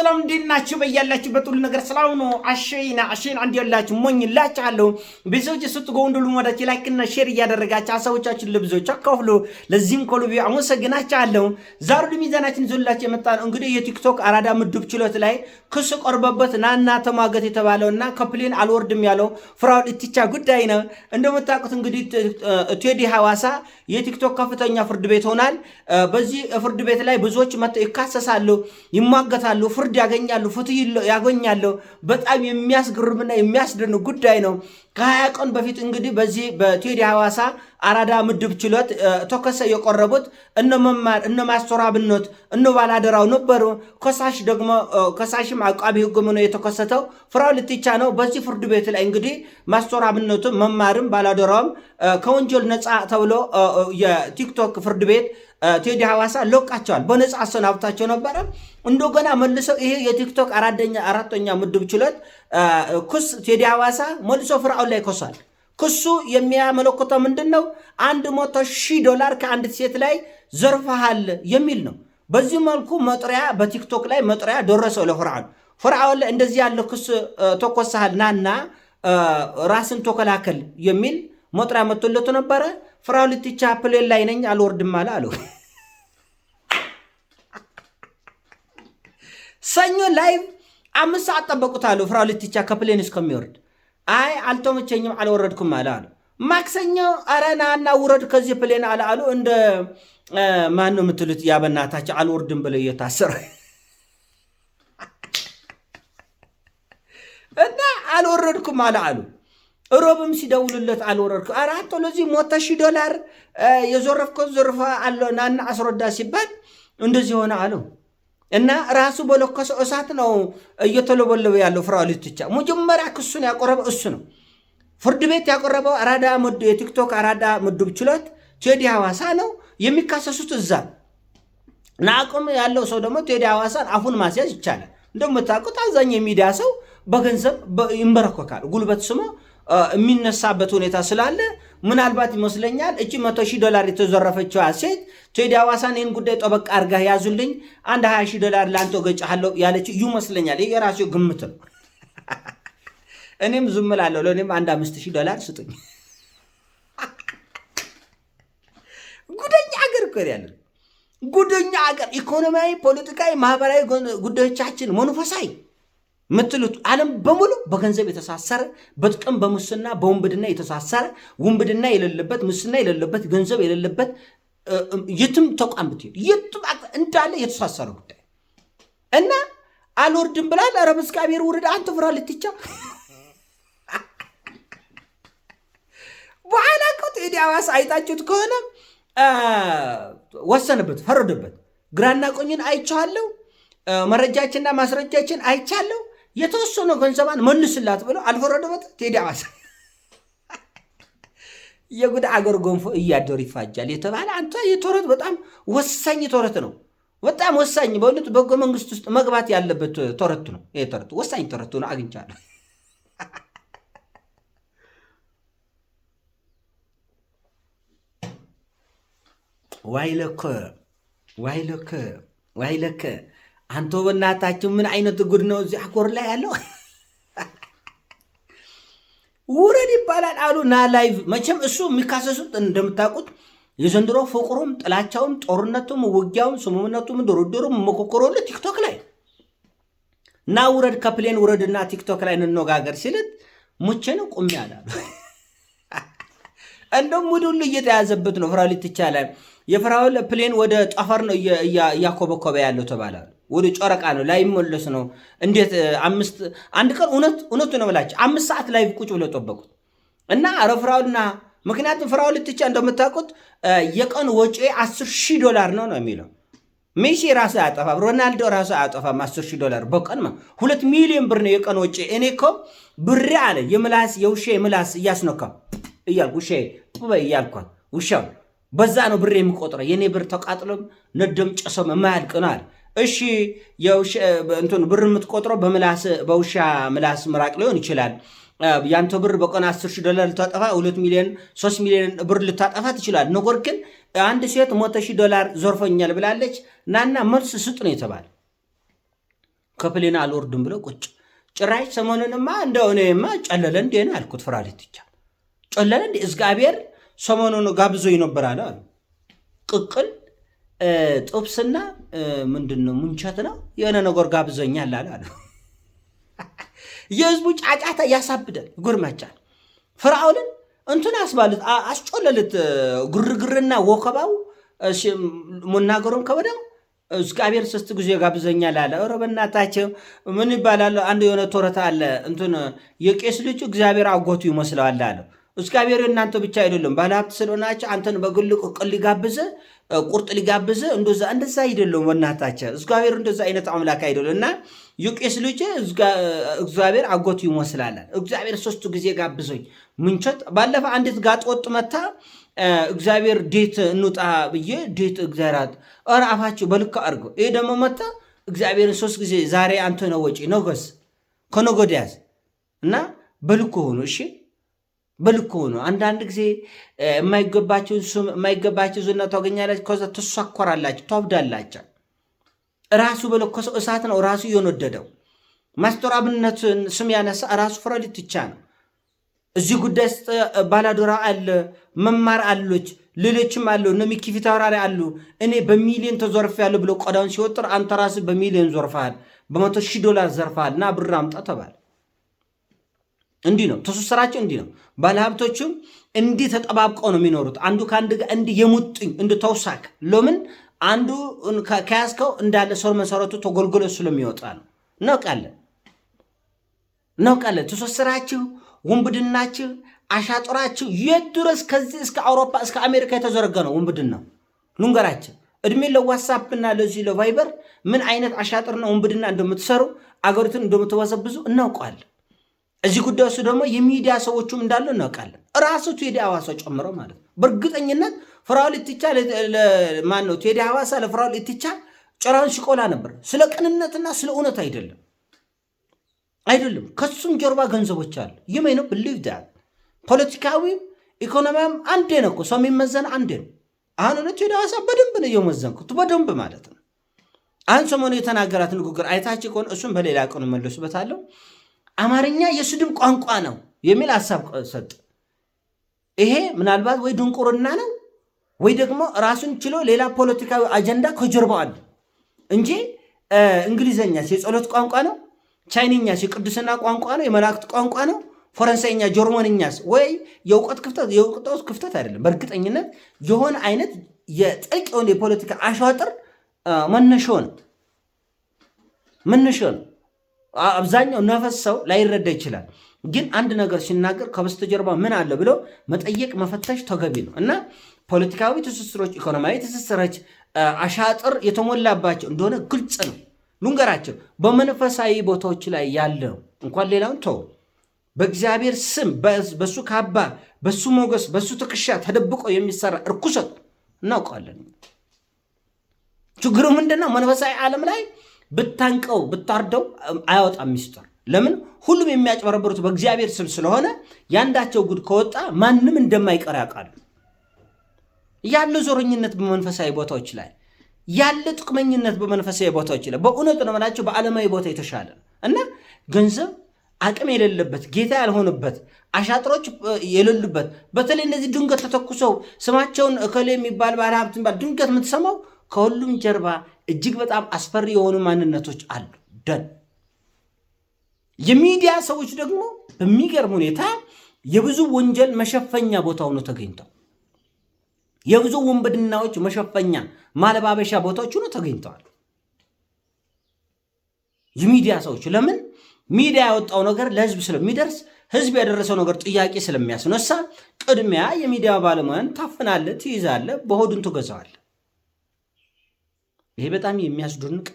ሰላም እንዴት ናችሁ? በያላችሁበት ሁሉ ነገር ሰላም ነው። አሸይና አሸይን አንድ ያላችሁ ሞኝላችኋለሁ። ብዙዎች ስትጎንዱ ልሞዳችሁ ላይክ እና ሼር እያደረጋችሁ ሀሳቦቻችሁን ለብዙዎች አካፍሉ። ለዚህም ከልቤ አመሰግናችኋለሁ። ዛሬ ሚዛናችን ይዞላችሁ የመጣ ነው እንግዲህ የቲክቶክ አራዳ ምድብ ችሎት ላይ ክስ ቀርቦበት ናና ተሟገት የተባለውና ከፕሌን አልወርድም ያለው ፍራኦል ኢቲቻ ጉዳይ ነው። እንደምታውቁት እንግዲህ ቴዲ ሐዋሳ የቲክቶክ ከፍተኛ ፍርድ ቤት ሆናል። በዚህ ፍርድ ቤት ላይ ብዙዎች መጥተው ይካሰሳሉ፣ ይሟገታሉ ፍርድ ፍርድ ያገኛሉ፣ ፍትህ ያገኛሉ። በጣም የሚያስገርምና የሚያስደንቅ ጉዳይ ነው። ከሀያ ቀን በፊት እንግዲህ በዚህ በቴዲ ሐዋሳ አራዳ ምድብ ችሎት ተከሰ የቆረቡት እነ መማር እነ ማስተራብነት እነ ባላደራው ነበሩ። ከሳሽ ደግሞ ከሳሽም አቃቢ ህግም ነው የተከሰተው ፍራው ልትቻ ነው። በዚህ ፍርድ ቤት ላይ እንግዲህ ማስተራብነቱ መማርም ባላደራውም ከወንጀል ነፃ ተብሎ የቲክቶክ ፍርድ ቤት ቴዲ ሐዋሳ ለቃቸዋል። በነፃ አሰናብታቸው ነበረ። እንደገና መልሰው ይሄ የቲክቶክ አራተኛ አራተኛ ምድብ ችሎት ክስ ቴዲ ሐዋሳ መልሶ ፍርአውን ላይ ከሷል። ክሱ የሚያመለክተው ምንድን ነው? አንድ መቶ ሺህ ዶላር ከአንዲት ሴት ላይ ዘርፈሃል የሚል ነው። በዚህ መልኩ መጥሪያ በቲክቶክ ላይ መጥሪያ ደረሰው ለፍርዓውን። ላይ እንደዚህ ያለ ክስ ተኮሳሃል፣ ናና ራስን ተከላከል የሚል መጥሪያ መቶለቱ ነበረ። ልትቻ ፕሌን ላይ ነኝ አልወርድም አለ አለው። ሰኞ ላይ አምስት ሰዓት ጠበቁት አለው። ፍራውሊቲ ልትቻ ከፕሌን እስከሚወርድ አይ አልተመቸኝም አልወረድኩም አለ አለ። ማክሰኞ አረና እና ውረድ ከዚህ ፕሌን አለ አሉ። እንደ ማን ነው የምትሉት? ያበናታቸው አልወርድም ብለው እየታሰረ እና አልወረድኩም አለ አሉ። ሮብም ሲደውልለት አልወረድክ አራቶ ለዚህ ሞተ ሺ ዶላር የዘረፍከው ዞርፈ አለ ናና አስረዳ ሲባል እንደዚህ ሆነ አለው እና ራሱ በለኮሰ እሳት ነው እየተለበለበ ያለው ፍራሊትቻ ኢቴቻ። መጀመሪያ ክሱን ያቆረበ እሱ ነው። ፍርድ ቤት ያቆረበው አራዳ የቲክቶክ አራዳ ምድብ ችሎት ቴዲ ሐዋሳ ነው። የሚካሰሱት እዛ አቅም ያለው ሰው ደግሞ ቴዲ ሐዋሳን አፉን ማስያዝ ይቻላል። እንደምታውቁት አብዛኛው የሚዲያ ሰው በገንዘብ ይንበረኮካል ጉልበት ስሞ የሚነሳበት ሁኔታ ስላለ ምናልባት ይመስለኛል እቺ መቶ ሺህ ዶላር የተዘረፈችው ሴት ቴዲ አዋሳን ይህን ጉዳይ ጠበቃ አድርጋ ያዙልኝ አንድ ሀያ ሺህ ዶላር ለአንተ ገጭሃለሁ ያለችው ይመስለኛል። ይህ የራሴው ግምት ነው። እኔም ዝም እላለሁ። ለእኔም አንድ አምስት ሺህ ዶላር ስጡኝ። ጉደኛ አገር እኮ ያለ ጉደኛ አገር ኢኮኖሚያዊ፣ ፖለቲካዊ፣ ማህበራዊ ጉዳዮቻችን መንፈሳዊ ምትሉት ዓለም በሙሉ በገንዘብ የተሳሰረ በጥቅም በሙስና በውንብድና የተሳሰረ ውንብድና የሌለበት ሙስና የሌለበት ገንዘብ የሌለበት የትም ተቋም ብትሄድ የትም እንዳለ የተሳሰረ ጉዳይ እና አልወርድም ብላል። ኧረ በእግዚአብሔር ውርድ አንተ ፍራ ልትቻ በኋላ እኮ ቴዲ አዋሳ አይታችሁት ከሆነ ወሰነበት፣ ፈረደበት። ግራና ቆኝን አይቼዋለሁ፣ መረጃችንና ማስረጃችን አይቻለሁ የተወሰነ ገንዘባን መልስላት ብሎ አልፈረደበት ቴዲ አዋሳ የጉድ አገር ጎንፎ እያደሩ ይፋጃል የተባለ አንተ የተረት በጣም ወሳኝ ተረት ነው። በጣም ወሳኝ በእውነት በጎ መንግስት ውስጥ መግባት ያለበት ተረት ነው። ይሄ ተረት ወሳኝ ተረት ነው። አግኝቻለሁ። ዋይለከ ዋይለከ ዋይለከ አንተ በእናታችን ምን አይነት ጉድ ነው እዚህ አኮር ላይ ያለው? ውረድ ይባላል አሉ ና ላይቭ። መቼም እሱ የሚካሰሱት እንደምታውቁት የዘንድሮ ፍቅሩም ጥላቻውም ጦርነቱም ውጊያውም ስምምነቱም ድርድሩም መኮኮሮ ቲክቶክ ላይ እና ውረድ ከፕሌን ውረድና ቲክቶክ ላይ እንነጋገር ሲልት ሙቼ ነው ቁሚ ያላሉ። እንደም ሙድ ሁሉ እየተያዘበት ነው። ፍራውል ትቻላል የፍራውል ፕሌን ወደ ጠፈር ነው እያኮበኮበ ያለው ተባላሉ። ወደ ጨረቃ ነው ላይመለስ ነው። እንዴት አምስት አንድ ቀን እውነቱ ነው ብላቸው አምስት ሰዓት ላይ ቁጭ ብለው ጠበቁት እና ረፍራውና ምክንያቱም ፍራው ልትቻ እንደምታውቁት የቀን ወጪ አስር ሺህ ዶላር ነው ነው የሚለው ሜሲ ራሱ አያጠፋም፣ ሮናልዶ ራሱ አያጠፋም። አስር ሺህ ዶላር በቀን ሁለት ሚሊዮን ብር ነው የቀን ወጪ። እኔ እኮ ብሬ አለ የምላስ የውሻ ምላስ እያስነካ እያልኩ ውሻ እያልኳል ውሻ በዛ ነው ብሬ የሚቆጥረው የእኔ ብር ተቃጥሎም ነደም ጨሶም የማያልቅ ነው አለ እሺ እንትን ብር የምትቆጥረው በምላስ በውሻ ምላስ ምራቅ ሊሆን ይችላል። ያንተ ብር በቀን 10 ሺህ ዶላር ልታጠፋ 2 ሚሊዮን 3 ሚሊዮን ብር ልታጠፋ ትችላል። ነገር ግን አንድ ሴት መቶ ሺህ ዶላር ዘርፎኛል ብላለች፣ ናና መልስ ስጥ ነው የተባለ። ከፕሌን አልወርድም ብለው ቁጭ ጭራሽ ሰሞኑንማ እንደው እኔማ ጨለለ እንዴን አልኩት። ፍራሊት ይቻ ጨለለ እንዴ እግዚአብሔር ሰሞኑን ጋብዞ ይነበራል አሉ ቅቅል ጥብስና ምንድን ነው ምንቸት ነው የሆነ ነገር ጋብዞኛል አለ አለ የህዝቡ ጫጫታ ያሳብዳል፣ ጉርመጫል። ፍርዓውንን እንትን አስባሉት፣ አስጮለልት። ግርግርና ወከባው መናገሩም ከወደው እግዚአብሔር ሶስት ጊዜ ጋብዘኛል አለ። ኧረ በእናታቸው ምን ይባላል? አንድ የሆነ ተረት አለ እንትን የቄስ ልጅ እግዚአብሔር አጎቱ ይመስለዋል አለው። እግዚአብሔር እናንተ ብቻ አይደለም። ባለሀብት ስለሆናችሁ አንተን በግል ቅል ሊጋብዘ ቁርጥ ሊጋብዘ እንደዛ እንደዛ አይደለም። ወናታቸ እግዚአብሔር እንደዛ አይነት አምላክ አይደለም። እና ዩቄስ ልጅ እግዚአብሔር አጎቱ ይመስላል። እግዚአብሔር ሶስቱ ጊዜ ጋብዞኝ ምንቸት ባለፈ አንዲት ጋጥ ወጥ መታ እግዚአብሔር ዴት እንውጣ ብዬ ዴት እግዚአብሔራት ኧረ አፋቸው በልክ አድርጎ ይሄ ደግሞ መታ እግዚአብሔር ሶስት ጊዜ ዛሬ አንተ ነው ወጪ ነገስ ከነገ ወዲያስ እና በልክ ሆኖ እሺ በልኩ ነው። አንዳንድ ጊዜ የማይገባቸው ሱም የማይገባቸው ዝና ታገኛላችሁ። ከዛ ትሷኮራላችሁ፣ ታብዳላችሁ። ራሱ በለኮሰው እሳት ነው ራሱ እየነደደው። አብነትን ስም ያነሳ ራሱ ፍረዲት ብቻ ነው። እዚህ ጉዳይ ውስጥ ባላዶራ አለ፣ መማር አሎች፣ ሌሎችም አለ። እነ ሚኪ ፊታውራሪ አሉ። እኔ በሚሊዮን ተዘርፍ ያለ ብሎ ቆዳውን ሲወጥር አንተ ራስ በሚሊዮን ዘርፋል፣ በመቶ ሺህ ዶላር ዘርፋል፣ ና ብር አምጣ ተባለ። እንዲህ ነው ትስስራቸው፣ እንዲህ ነው። ባለሀብቶችም እንዲህ ተጠባብቀው ነው የሚኖሩት። አንዱ ከአንድ ጋር እንዲህ የሙጥኝ እንደ ተውሳክ ሎምን አንዱ ከያዝከው እንዳለ ሰው መሰረቱ ተጎልጎሎ ስለሚወጣ ነው። እናውቃለን እናውቃለን። ትስስራችሁ፣ ውንብድናችሁ፣ አሻጥራችሁ የት ድረስ ከዚህ እስከ አውሮፓ እስከ አሜሪካ የተዘረጋ ነው ውንብድና ልንገራቸው። እድሜ ለዋትሳፕና ለዚህ ለቫይበር ምን አይነት አሻጥርና ውንብድና እንደምትሰሩ አገሪቱን እንደምትወዘብዙ እናውቀዋለን። እዚህ ጉዳይ ውስጥ ደግሞ የሚዲያ ሰዎቹም እንዳሉ እናውቃለን። ራሱ ቴዲ ሐዋሳ ጨምረው ማለት ነው። በእርግጠኝነት ፍራውል ኢቲቻ ማን ነው? ቴዲ ሐዋሳ ለፍራውል ኢቲቻ ጭራውን ሲቆላ ነበር። ስለ ቅንነትና ስለ እውነት አይደለም አይደለም። ከሱም ጀርባ ገንዘቦች አሉ። ይመይ ነው ብልዩ ዳት ፖለቲካዊም ኢኮኖሚያም አንዴ ነው እኮ ሰው የሚመዘን አንዴ ነው። አሁን እውነት ቴዲ ሐዋሳ በደንብ ነው እየመዘንኩት በደንብ ማለት ነው። አሁን ሰሞኑ የተናገራት ንግግር አይታች ከሆነ እሱም በሌላ ቀኑ መለሱበታለሁ። አማርኛ የስድብ ቋንቋ ነው የሚል ሀሳብ ሰጥ። ይሄ ምናልባት ወይ ድንቁርና ነው ወይ ደግሞ ራሱን ችሎ ሌላ ፖለቲካዊ አጀንዳ ከጀርባው አለ እንጂ እንግሊዘኛስ የጸሎት ቋንቋ ነው? ቻይንኛስ የቅዱስና ቋንቋ ነው? የመላእክት ቋንቋ ነው? ፈረንሳይኛ፣ ጀርመንኛስ ወይ የእውቀት ክፍተት? የእውቀት ክፍተት አይደለም። በእርግጠኝነት የሆነ አይነት የጥልቅ የሆነ የፖለቲካ አሻጥር መነሾ ነው መነሾ ነው። አብዛኛው ነፈስ ሰው ላይረዳ ይችላል። ግን አንድ ነገር ሲናገር ከበስተጀርባ ምን አለ ብሎ መጠየቅ መፈተሽ ተገቢ ነው እና ፖለቲካዊ ትስስሮች፣ ኢኮኖሚያዊ ትስስሮች አሻጥር የተሞላባቸው እንደሆነ ግልጽ ነው። ሉንገራቸው በመንፈሳዊ ቦታዎች ላይ ያለው እንኳን ሌላውን ተው በእግዚአብሔር ስም በሱ ካባ፣ በሱ ሞገስ፣ በሱ ትከሻ ተደብቆ የሚሰራ እርኩሰት እናውቀዋለን። ችግሩ ምንድነው? መንፈሳዊ ዓለም ላይ ብታንቀው ብታርደው አያወጣም ሚስጥር። ለምን ሁሉም የሚያጭበረብሩት በእግዚአብሔር ስም ስለሆነ ያንዳቸው ጉድ ከወጣ ማንም እንደማይቀር ያውቃሉ። ያለ ዞረኝነት በመንፈሳዊ ቦታዎች ላይ ያለ ጥቅመኝነት በመንፈሳዊ ቦታዎች ላይ በእውነቱ ነው የምላቸው በዓለማዊ ቦታ የተሻለ እና ገንዘብ አቅም የሌለበት ጌታ ያልሆነበት አሻጥሮች የሌሉበት በተለይ እነዚህ ድንገት ተተኩሰው ስማቸውን እከሌ የሚባል ባለሀብት ድንገት የምትሰማው ከሁሉም ጀርባ እጅግ በጣም አስፈሪ የሆኑ ማንነቶች አሉ። ደን የሚዲያ ሰዎች ደግሞ በሚገርም ሁኔታ የብዙ ወንጀል መሸፈኛ ቦታ ሆኖ ተገኝተው የብዙ ወንበድናዎች መሸፈኛ ማለባበሻ ቦታዎች ሆኖ ተገኝተዋል። የሚዲያ ሰዎች ለምን ሚዲያ ያወጣው ነገር ለህዝብ ስለሚደርስ ህዝብ ያደረሰው ነገር ጥያቄ ስለሚያስነሳ ቅድሚያ የሚዲያ ባለሙያን ታፍናለ፣ ትይዛለ፣ በሆዱን ትገዛዋለ። ይሄ በጣም የሚያስደንቅ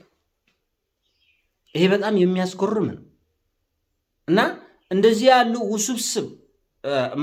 ይሄ በጣም የሚያስጎርም ነው እና እንደዚህ ያሉ ውስብስብ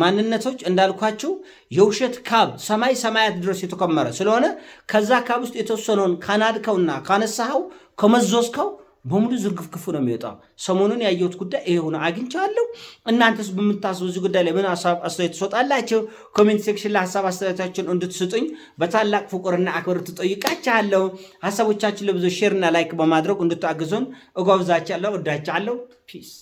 ማንነቶች እንዳልኳቸው የውሸት ካብ ሰማይ ሰማያት ድረስ የተከመረ ስለሆነ ከዛ ካብ ውስጥ የተወሰነውን ካናድከውና ካነሳኸው ከመዞስከው በሙሉ ዝርግፍግፉ ነው የሚወጣው። ሰሞኑን ያየሁት ጉዳይ ይሄ ሆነ አግኝቻለሁ። እናንተስ በምታስቡ እዚህ ጉዳይ ላይ ምን ሀሳብ አስተያየት ትሰጣላችሁ? ኮሜንት ሴክሽን ላይ ሀሳብ አስተያየታችሁን እንድትስጡኝ በታላቅ ፍቁርና አክብር ትጠይቃችኋለሁ። ሀሳቦቻችን ለብዙ ሼርና ላይክ በማድረግ እንድታግዙን እጋብዛችኋለሁ። ወዳችኋለሁ። ፒስ